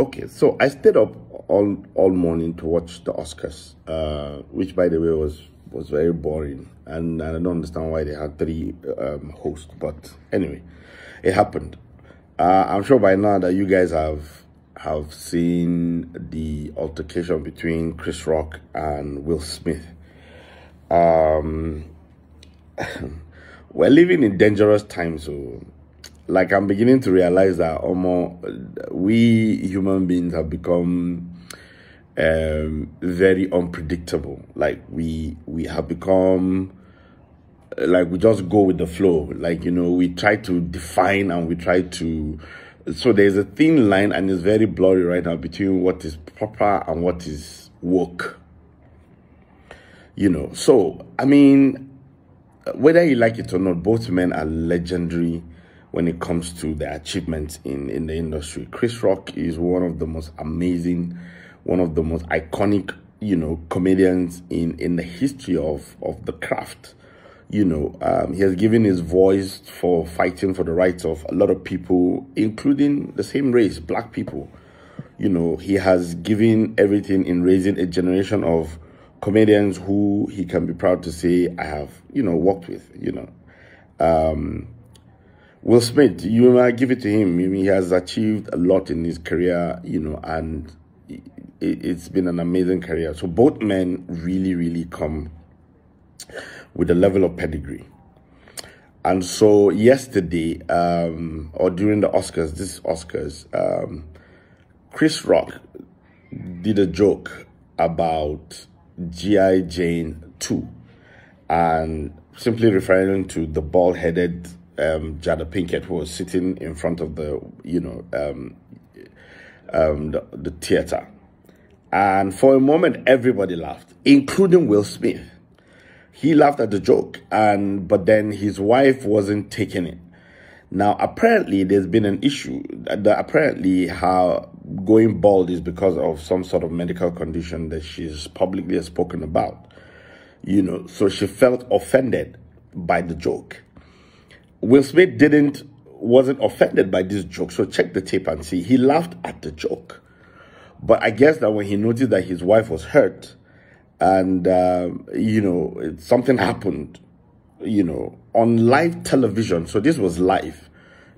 Okay, so I stayed up all all morning to watch the Oscars, uh, which, by the way, was was very boring, and, I don't understand why they had three um, hosts. But anyway, it happened. Uh, I'm sure by now that you guys have have seen the altercation between Chris Rock and Will Smith. Um, we're living in dangerous times, so like I'm beginning to realize that almost we human beings have become um, very unpredictable. Like we we have become like we just go with the flow. Like you know, we try to define and we try to. So there's a thin line, and it's very blurry right now between what is proper and what is work. You know, so I mean, whether you like it or not, both men are legendary when it comes to their achievements in, in the industry. Chris Rock is one of the most amazing, one of the most iconic, you know, comedians in, in the history of, of the craft. You know, um, he has given his voice for fighting for the rights of a lot of people, including the same race, black people. You know, he has given everything in raising a generation of comedians who he can be proud to say I have, you know, worked with, you know. Um, Will Smith, you might give it to him. He has achieved a lot in his career, you know, and it, has been an amazing career. So both men really, really come with a level of pedigree. And so yesterday, um, or during the Oscars, this Oscars, um, Chris Rock did a joke about G.I. Jane 2 and simply referring to the bald headed um, Jada Pinkett, who was sitting in front of the, you know, um, um, the, the theater. And for a moment, everybody laughed, including Will Smith. He laughed at the joke, and but then his wife wasn't taking it. Now, apparently, there's been an issue. That apparently, her going bald is because of some sort of medical condition that she's publicly spoken about. You know, so she felt offended by the joke. Will Smith didn't wasn't offended by this joke. So check the tape and see. He laughed at the joke. But I guess that when he noticed that his wife was hurt and, uh, you know, something happened, you know, on live television. So this was live,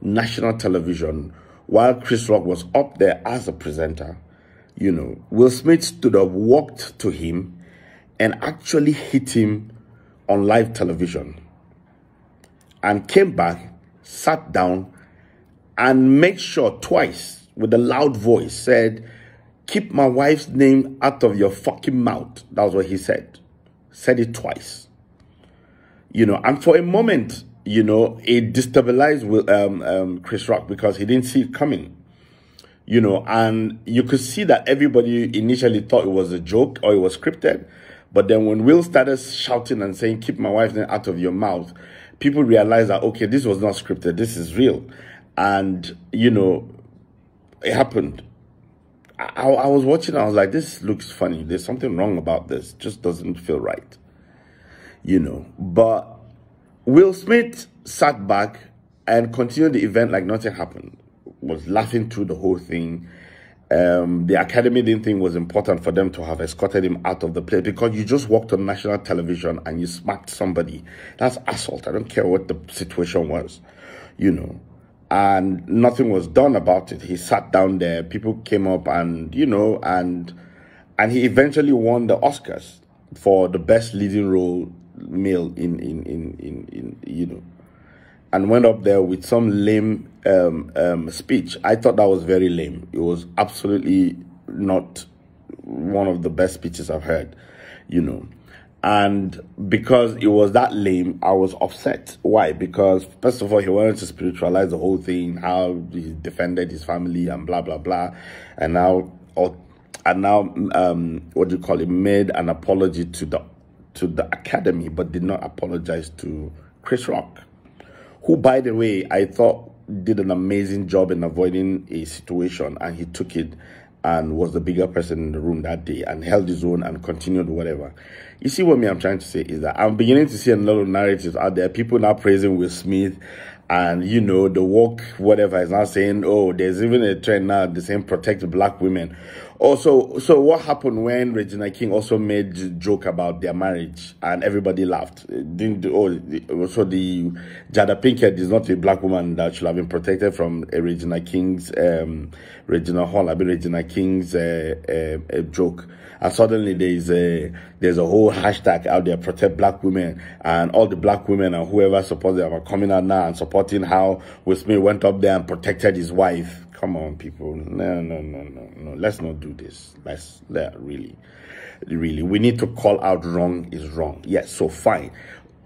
national television, while Chris Rock was up there as a presenter, you know, Will Smith stood up, walked to him, and actually hit him on live television and came back, sat down, and made sure twice with a loud voice said, Keep my wife's name out of your fucking mouth. That's what he said. Said it twice. You know, and for a moment, you know, it destabilized um, um, Chris Rock because he didn't see it coming. You know, and you could see that everybody initially thought it was a joke or it was scripted. But then when Will started shouting and saying, Keep my wife's name out of your mouth, people realize that okay, this was not scripted, this is real, and you know, it happened. I, I was watching, I was like, this looks funny. There's something wrong about this. just doesn't feel right, you know. But Will Smith sat back and continued the event like nothing happened. Was laughing through the whole thing um, the academy didn't think was important for them to have escorted him out of the place because you just walked on national television and you smacked somebody. That's assault. I don't care what the situation was, you know. And nothing was done about it. He sat down there. People came up and you know and and he eventually won the Oscars for the best leading role male in in in in, in you know and went up there with some lame um, um, speech. I thought that was very lame. It was absolutely not one of the best speeches I've heard, you know. And because it was that lame, I was upset. Why? Because, first of all, he wanted to spiritualize the whole thing, how he defended his family and blah, blah, blah. And now, and now, um, what do you call it, made an apology to the, to the academy, but did not apologize to Chris Rock who, by the way, I thought did an amazing job in avoiding a situation and he took it and was the bigger person in the room that day and held his own and continued whatever. You see what me I'm trying to say is that I'm beginning to see a lot of narratives out there. People now praising Will Smith and you know the work whatever is now saying oh there's even a trend now the same protect black women also so what happened when regina king also made joke about their marriage and everybody laughed didn't oh so the jada pinkett is not a black woman that should have been protected from regina king's um regina hall i mean regina king's uh, uh, joke and suddenly there's a there's a whole hashtag out there protect black women and all the black women and whoever supports them are coming out now and support how Will Smith went up there and protected his wife. Come on, people. No, no, no, no, no. Let's not do this. Let's, yeah, really. Really. We need to call out wrong is wrong. Yes, so fine.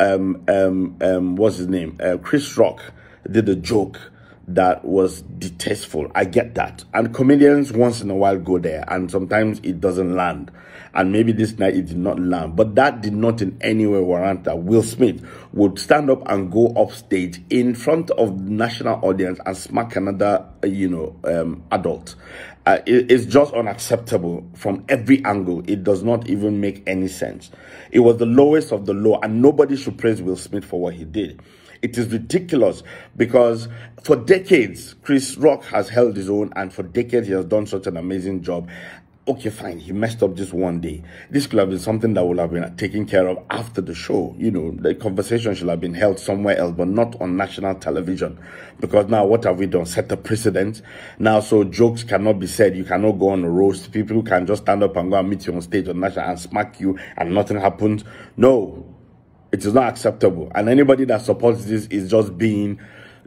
Um, um, um, what's his name? Uh, Chris Rock did a joke that was detestful. I get that. And comedians once in a while go there and sometimes it doesn't land. And maybe this night it did not land. But that did not in any way warrant that Will Smith would stand up and go off stage in front of the national audience and smack another, you know, um, adult uh, it, it's just unacceptable from every angle. It does not even make any sense. It was the lowest of the low, and nobody should praise Will Smith for what he did. It is ridiculous because for decades, Chris Rock has held his own, and for decades, he has done such an amazing job okay, fine, he messed up just one day. This could have been something that would have been taken care of after the show. You know, the conversation should have been held somewhere else, but not on national television. Because now what have we done? Set a precedent. Now, so jokes cannot be said. You cannot go on a roast. People can just stand up and go and meet you on stage on national and smack you and nothing happens. No, it is not acceptable. And anybody that supports this is just being,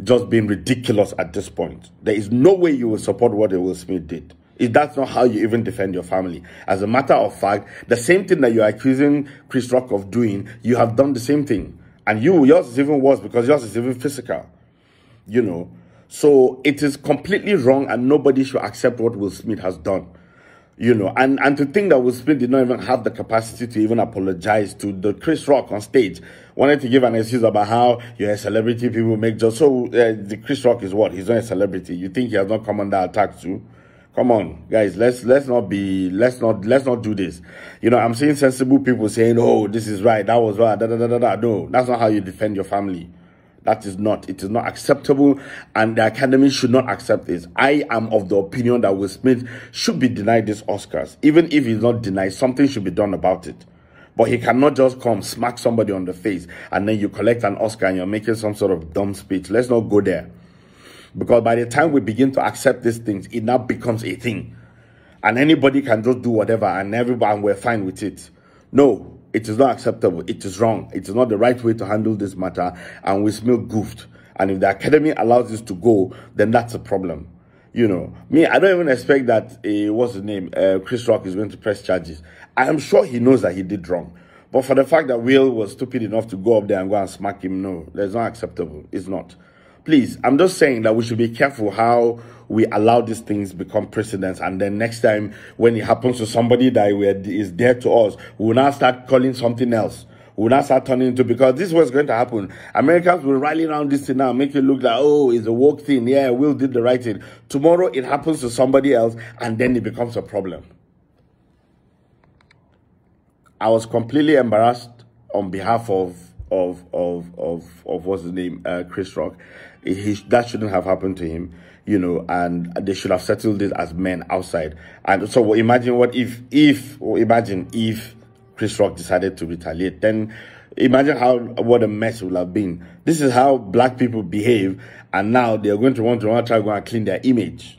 just being ridiculous at this point. There is no way you will support what Will Smith did. That's not how you even defend your family. As a matter of fact, the same thing that you're accusing Chris Rock of doing, you have done the same thing. And you, yours is even worse because yours is even physical. You know? So it is completely wrong and nobody should accept what Will Smith has done. You know, and, and to think that Will Smith did not even have the capacity to even apologize to the Chris Rock on stage. Wanted to give an excuse about how you're a celebrity, people make jokes. So uh, the Chris Rock is what? He's not a celebrity. You think he has not come under attack too? Come on, guys, let's let's not be let's not let's not do this. You know, I'm seeing sensible people saying, Oh, this is right, that was right, da da da da da. No, that's not how you defend your family. That is not, it is not acceptable, and the academy should not accept this. I am of the opinion that Will Smith should be denied this Oscars. Even if he's not denied, something should be done about it. But he cannot just come smack somebody on the face and then you collect an Oscar and you're making some sort of dumb speech. Let's not go there. Because by the time we begin to accept these things, it now becomes a thing. And anybody can just do whatever and everyone we're fine with it. No, it is not acceptable. It is wrong. It is not the right way to handle this matter. And we smell goofed. And if the academy allows this to go, then that's a problem. You know, me, I don't even expect that, uh, what's his name, uh, Chris Rock is going to press charges. I am sure he knows that he did wrong. But for the fact that Will was stupid enough to go up there and go and smack him, no, that's not acceptable. It's not please, I'm just saying that we should be careful how we allow these things become precedents and then next time when it happens to somebody that is dear to us we will now start calling something else we will now start turning into because this was going to happen americans will rally around this thing now make it look like oh it's a woke thing yeah will did the right thing tomorrow it happens to somebody else and then it becomes a problem i was completely embarrassed on behalf of of of of of what's his name uh, Chris Rock. He, that shouldn't have happened to him, you know, and they should have settled it as men outside. And so imagine what if if imagine if Chris Rock decided to retaliate, then imagine how what a mess would have been. This is how black people behave, and now they're going to want to try to go and clean their image.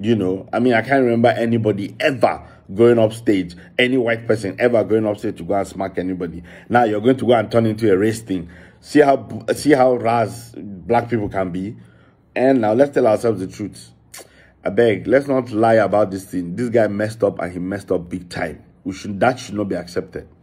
You know, I mean, I can't remember anybody ever going up stage, any white person ever going up stage to go and smack anybody. Now you're going to go and turn into a race thing. See how see how ras black people can be. And now let's tell ourselves the truth. I beg, let's not lie about this thing. This guy messed up and he messed up big time. We should that should not be accepted.